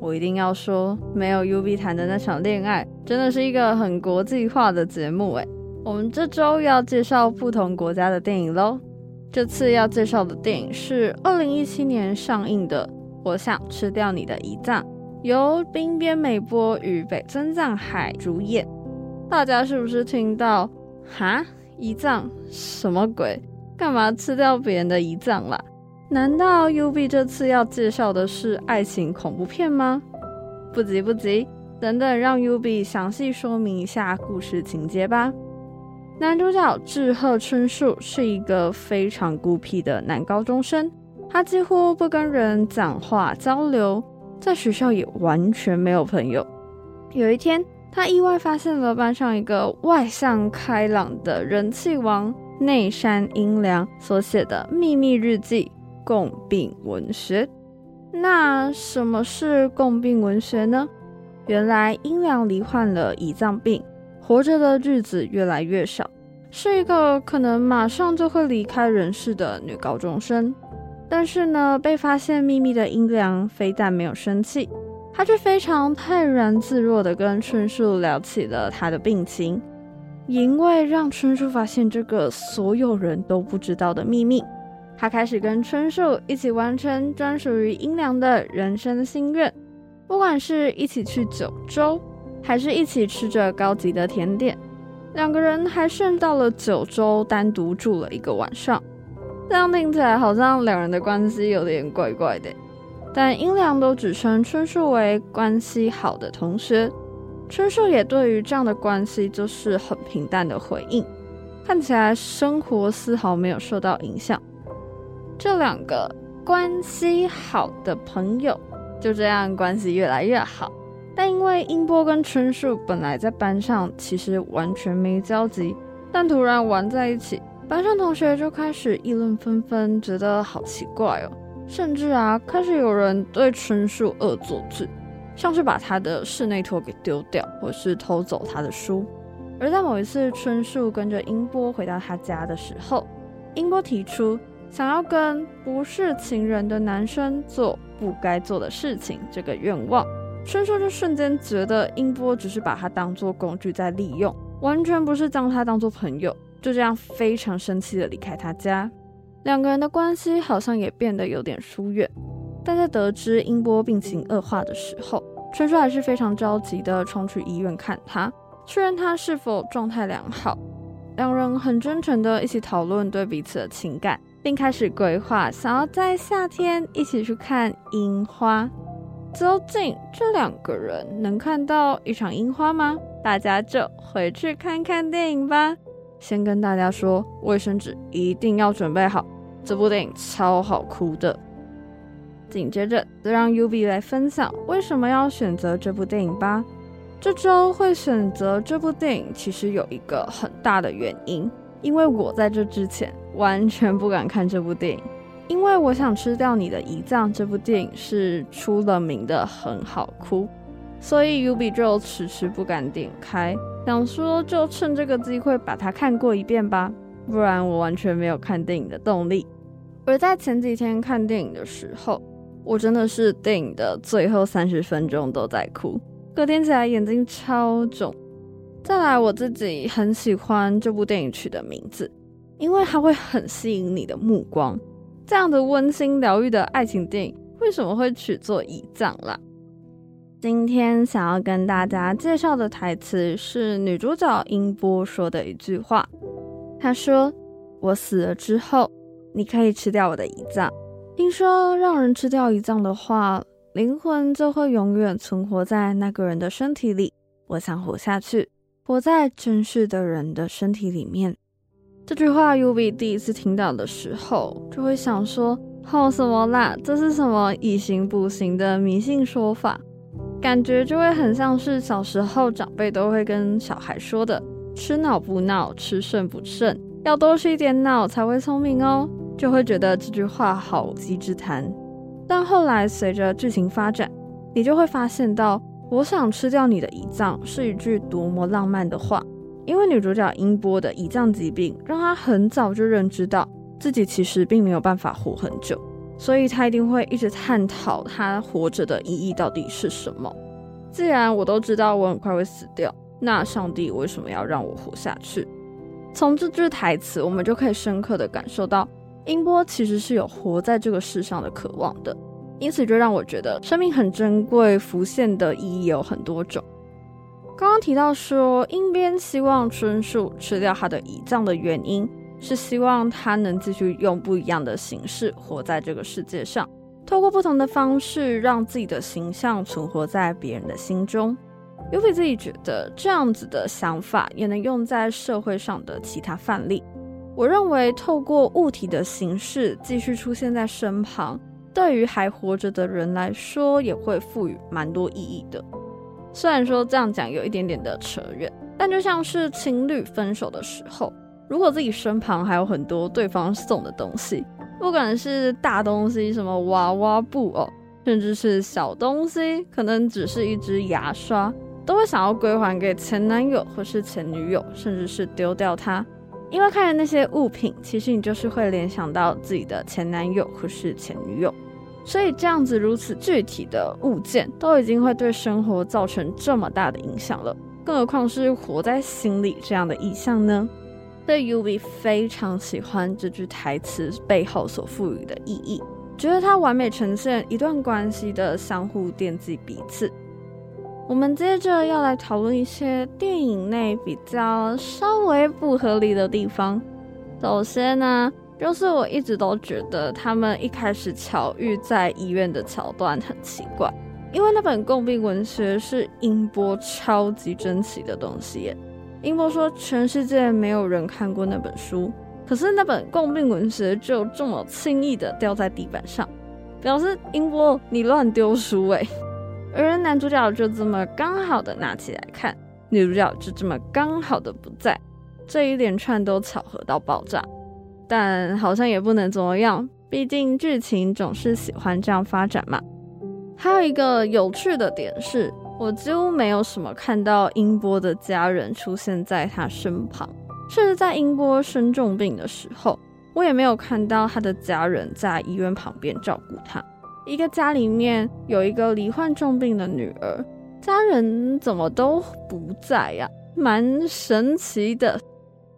我一定要說，沒有 U B 談的那場戀愛，真的是一個很國際化的節目哎。我們這周要介紹不同國家的電影嘍，這次要介紹的電影是二零一七年上映的《我想吃掉你的胰臟》，由濱邊美波與北村匠海主演。大家是不是聽到哈胰臟什麼鬼？幹嘛吃掉別人的胰臟啦？難道 U B 這次要介紹的是愛情恐怖片嗎？不急不急，等等，讓 U B 詳細說明一下故事情節吧。男主角志賀春樹是一個非常孤僻的男高中生，他幾乎不跟人講話交流，在學校也完全沒有朋友。有一天，他意外發現了班上一個外向開朗的人氣王內山櫻良所寫的秘密日記。共病文學，那什麼是共病文學呢？原來櫻良罹患了胰臟病，活着的日子越來越少，是一個可能馬上就會離開人世的女高中生。但是呢，被發現秘密的櫻良非但沒有生氣，她卻非常泰然自若的跟春樹聊起了她的病情，因為讓春樹發現這個所有人都不知道的秘密。他開始跟春樹一起完成專屬於櫻良的人生心願，不管是一起去九州，還是一起吃着高級的甜點，兩個人還順到了九州單獨住了一個晚上。這樣聽起來，好像兩人的關係有點怪怪的，但櫻良都只稱春樹為關係好的同學，春樹也對於這樣的關係就是很平淡的回應，看起來生活絲毫沒有受到影響。這兩個關係好的朋友，就這樣關係越來越好。但因為英波跟春樹本來在班上其實完全沒交集，但突然玩在一起，班上同學就開始議論紛紛，覺得好奇怪哦。甚至啊，開始有人對春樹惡作劇，像是把他的室內拖給丟掉，或是偷走他的書。而在某一次春樹跟着英波回到他家的時候，英波提出。想要跟不是情人的男生做不該做的事情，這個願望，春樹就瞬間覺得音波只是把他當作工具在利用，完全不是將他當作朋友。就這樣非常生氣的離開他家，兩個人的關係好像也變得有點疏遠。但在得知音波病情惡化的時候，春樹還是非常着急的衝去醫院看他，確認他是否狀態良好。兩人很真誠的一起討論對彼此的情感，並開始規劃想要在夏天一起去看櫻花。究竟這兩個人能看到一場櫻花嗎？大家就回去看看電影吧。先跟大家說，衛生紙一定要準備好。這部電影超好哭的。緊接着，就讓 UV 來分享為什麼要選擇這部電影吧。這周會選擇這部電影，其實有一個很大的原因，因為我在這之前完全不敢看這部電影，因為我想吃掉你的胰臟，這部電影是出了名的很好哭，所以 ubi 就遲遲不敢點開，想說就趁這個機會把它看過一遍吧，不然我完全沒有看電影的動力。而在前幾天看電影的時候，我真的是電影的最後三十分鐘都在哭。昨天起來眼睛超腫，再來我自己很喜歡這部電影取的名字，因為它會很吸引你的目光。這樣的溫馨療癒的愛情電影，為什麼會取作《胰臟》啦？今天想要跟大家介紹的台詞是女主角音波說的一句話，她說：“我死了之後，你可以吃掉我的胰臟。”聽說讓人吃掉胰臟的話。靈魂就會永遠存活在那個人的身體裡。我想活下去，活在真實的人的身體裡面。這句話，Ubi 第一次聽到的時候，就會想說：好、哦、什麼啦？這是什麼以形補形的迷信說法？感覺就會很像是小時候長輩都會跟小孩說的：吃腦補腦，吃腎補腎，要多吃一點腦才會聰明哦。就會覺得這句話好無稽之談。但後來隨着劇情發展，你就會發現到，我想吃掉你的胰臟是一句多麼浪漫的話。因為女主角音波的胰臟疾病，讓她很早就認知到自己其實並沒有辦法活很久，所以她一定會一直探討她活着的意義到底是什麼。既然我都知道我很快會死掉，那上帝為什麼要讓我活下去？從這句台詞，我們就可以深刻地感受到。英波其實是有活在這個世上的渴望的，因此就讓我覺得生命很珍貴，浮現的意義有很多種。剛剛提到說，英邊希望春樹吃掉他的胰臟的原因，是希望他能繼續用不一樣的形式活在這個世界上，透過不同的方式讓自己的形象存活在別人的心中。u 自己覺得這樣子的想法也能用在社會上的其他範例。我認為，透過物體的形式繼續出現在身旁，對於還活着的人來說，也會賦予蠻多意義的。雖然說這樣講有一點點的扯遠，但就像是情侶分手的時候，如果自己身旁還有很多對方送的東西，不管是大東西，什麼娃娃、布偶，甚至是小東西，可能只是一支牙刷，都會想要歸還給前男友或是前女友，甚至是丟掉它。因為看着那些物品，其實你就是會聯想到自己的前男友或是前女友，所以這樣子如此具體的物件都已經會對生活造成這麼大的影響了，更何況是活在心裡這樣的意象呢？對 UV 非常喜歡這句台詞背後所賦予的意義，覺得它完美呈現一段關係的相互惦記彼此。我們接着要來討論一些電影內比較稍微不合理的地方。首先呢，就是我一直都覺得他們一開始巧遇在醫院的橋段很奇怪，因為那本共病文學是英波超級珍奇的東西耶。英波說全世界沒有人看過那本書，可是那本共病文學就這麼輕易的掉在地板上，表示英波你亂丟書哎。而男主角就這麼剛好的拿起來看，女主角就這麼剛好的不在，這一連串都巧合到爆炸，但好像也不能怎麼樣，畢竟劇情總是喜歡這樣發展嘛。還有一個有趣的點是，我幾乎沒有什麼看到英波的家人出現在他身旁，甚至在英波生重病的時候，我也沒有看到他的家人在醫院旁邊照顧他。一個家裡面有一個罹患重病的女兒，家人怎麼都不在呀、啊，蠻神奇的。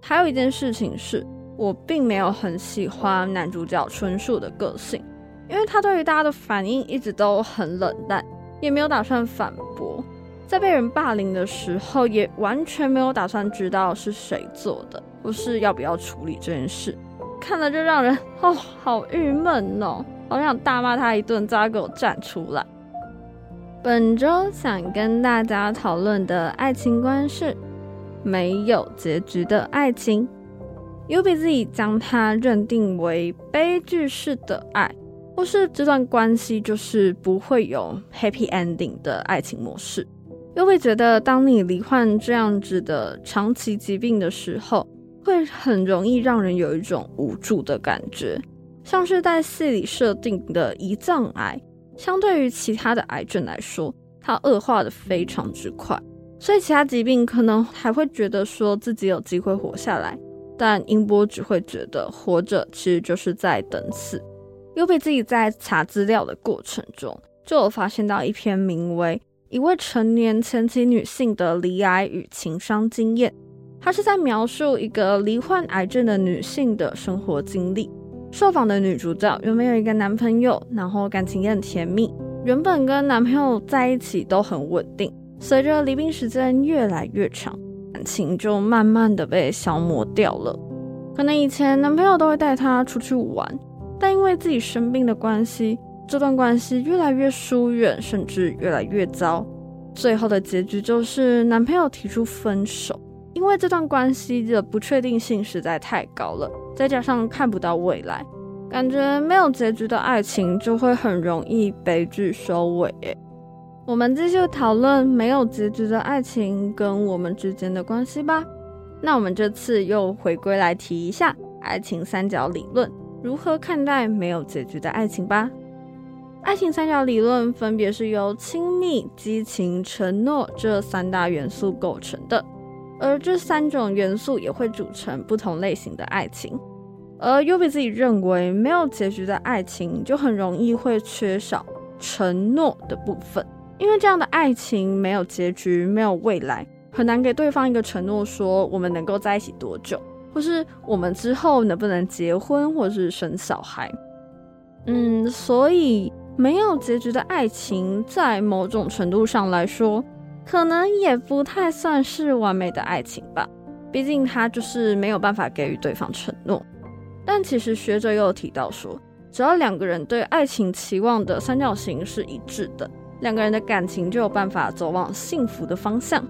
還有一件事情是，我並沒有很喜歡男主角春樹的個性，因為他對於大家的反應一直都很冷淡，也沒有打算反駁，在被人霸凌的時候也完全沒有打算知道是誰做的，或是要不要處理這件事，看了就讓人，哦，好鬱悶哦。我想大罵他一頓，叫他給我站出來。本周想跟大家討論的愛情觀是沒有結局的愛情。又被自己將它認定為悲劇式的愛，或是這段關係就是不會有 happy ending 的愛情模式。又會覺得，當你罹患這樣子的長期疾病的時候，會很容易讓人有一種無助的感覺。像是在戲裡設定的胰臟癌，相對於其他的癌症來說，它惡化得非常之快，所以其他疾病可能還會覺得說自己有機會活下來，但音波只會覺得活着其實就是在等死。又被自己在查資料的過程中，就有發現到一篇名為《一位成年前期女性的罹癌與情傷經驗》，它是在描述一個罹患癌症的女性的生活經歷。受訪的女主角原本有一個男朋友，然後感情也很甜蜜。原本跟男朋友在一起都很穩定，隨着離別時間越來越長，感情就慢慢的被消磨掉了。可能以前男朋友都會帶她出去玩，但因為自己生病的關係，這段關係越來越疏遠，甚至越來越糟。最後的結局就是男朋友提出分手，因為這段關係的不確定性實在太高了。再加上看不到未來，感覺沒有結局的愛情就會很容易悲劇收尾。我們繼續討論沒有結局的愛情跟我們之間的關係吧。那我們這次又回歸來提一下愛情三角理論，如何看待沒有結局的愛情吧？愛情三角理論分別是由親密、激情、承諾這三大元素構成的。而這三種元素也會組成不同類型的愛情，而尤比自己認為，沒有結局的愛情就很容易會缺少承諾的部分，因為這樣的愛情沒有結局，沒有未來，很難給對方一個承諾，說我們能夠在一起多久，或是我們之後能不能結婚，或是生小孩。嗯，所以沒有結局的愛情，在某種程度上來說，可能也不太算是完美的愛情吧，畢竟他就是沒有辦法給予對方承諾。但其實學者又提到說，只要兩個人對愛情期望的三角形是一致的，兩個人的感情就有辦法走往幸福的方向。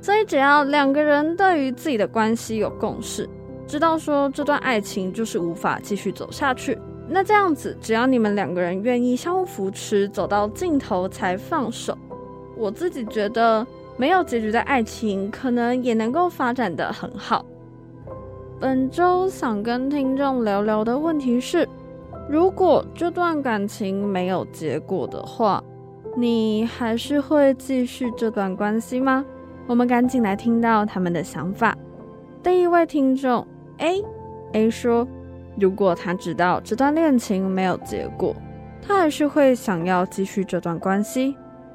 所以只要兩個人對於自己的關係有共識，知道說，這段愛情就是無法繼續走下去，那這樣子，只要你們兩個人願意相互扶持，走到盡頭才放手。我自己覺得沒有結局的愛情，可能也能夠發展得很好。本周想跟聽眾聊聊的問題是：如果這段感情沒有結果的話，你還是會繼續這段關係嗎？我們趕緊來聽到他們的想法。第一位聽眾 A A 說：如果他知道這段戀情沒有結果，他還是會想要繼續這段關係。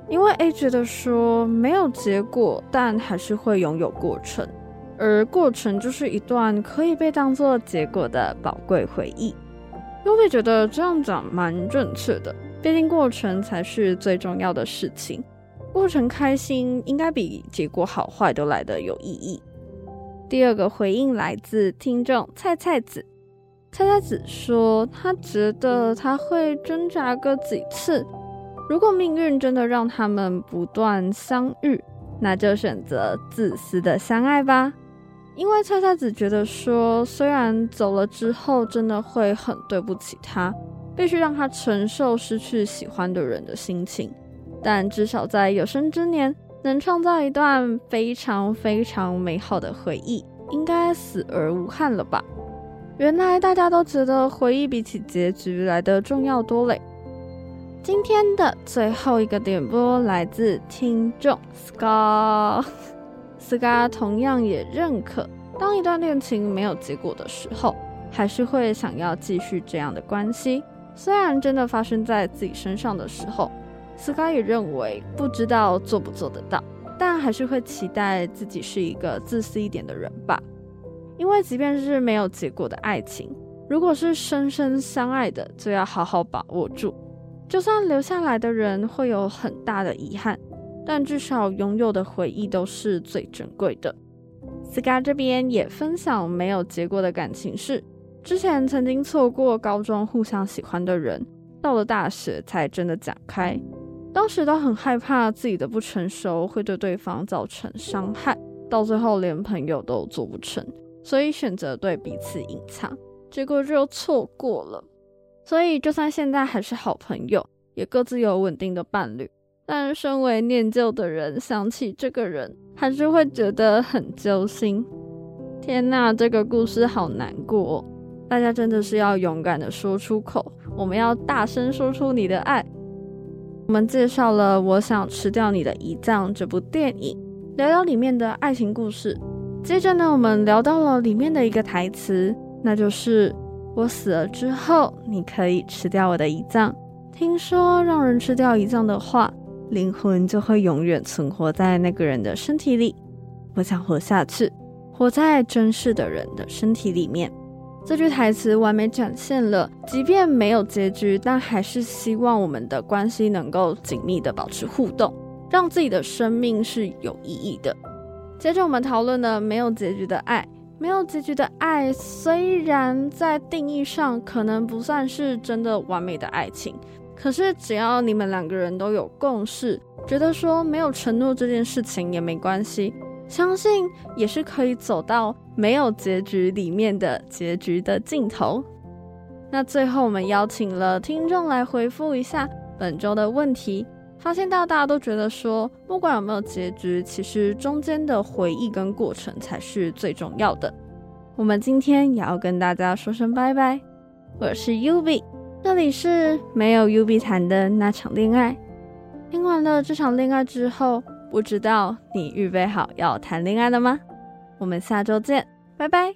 因為 A 覺得說沒有結果，但還是會擁有過程，而過程就是一段可以被當做結果的寶貴回憶。B 覺得這樣講蠻正確的，畢竟過程才是最重要的事情，過程開心應該比結果好壞都來得有意義。第二個回應來自聽眾菜菜子，菜菜子說他覺得他會掙扎個幾次。如果命運真的讓他們不斷相遇，那就選擇自私的相愛吧。因為菜菜子覺得說，雖然走了之後真的會很對不起他，必須讓他承受失去喜歡的人的心情，但至少在有生之年能創造一段非常非常美好的回憶，應該死而無憾了吧。原來大家都覺得回憶比起結局來得重要多嘞。今天的最後一個點播來自聽眾斯卡，斯卡同樣也認可，當一段戀情沒有結果的時候，還是會想要繼續這樣的關係。雖然真的發生在自己身上的時候，斯卡也認為不知道做不做得到，但還是會期待自己是一個自私一點的人吧。因為即便是沒有結果的愛情，如果是深深相愛的，就要好好把握住。就算留下來的人會有很大的遺憾，但至少擁有的回憶都是最珍貴的。斯嘎這邊也分享沒有結果的感情事，之前曾經錯過高中互相喜歡的人，到了大學才真的講開。當時都很害怕自己的不成熟會對對方造成傷害，到最後連朋友都做不成，所以選擇對彼此隱藏，結果就錯過了。所以，就算現在還是好朋友，也各自有穩定的伴侶。但身為念舊的人，想起這個人，還是會覺得很揪心。天哪，這個故事好難過哦。大家真的是要勇敢的說出口，我們要大聲說出你的愛。我們介紹了《我想吃掉你的胰臟》這部電影，聊聊裡面的愛情故事。接着呢，我們聊到了裡面的一個台詞，那就是。我死了之後，你可以吃掉我的胰臟。聽說讓人吃掉胰臟的話，靈魂就會永遠存活在那個人的身體裡。我想活下去，活在真實的人的身體裡面。這句台詞完美展現了，即便沒有結局，但還是希望我們的關係能夠緊密地保持互動，讓自己的生命是有意義的。接着我們討論了沒有結局的愛。沒有結局的愛，雖然在定義上可能不算是真的完美的愛情，可是只要你們兩個人都有共識，覺得說沒有承諾這件事情也沒關係，相信也是可以走到沒有結局裡面的結局的盡頭。那最後我們邀請了聽眾來回覆一下本周的問題。發現到大家都覺得說，不管有沒有結局，其實中間的回憶跟過程才是最重要的。我們今天也要跟大家說聲拜拜，我是 UB，這裡是沒有 UB 談的那場戀愛。聽完了這場戀愛之後，不知道你預備好要談戀愛了嗎？我們下周見，拜拜。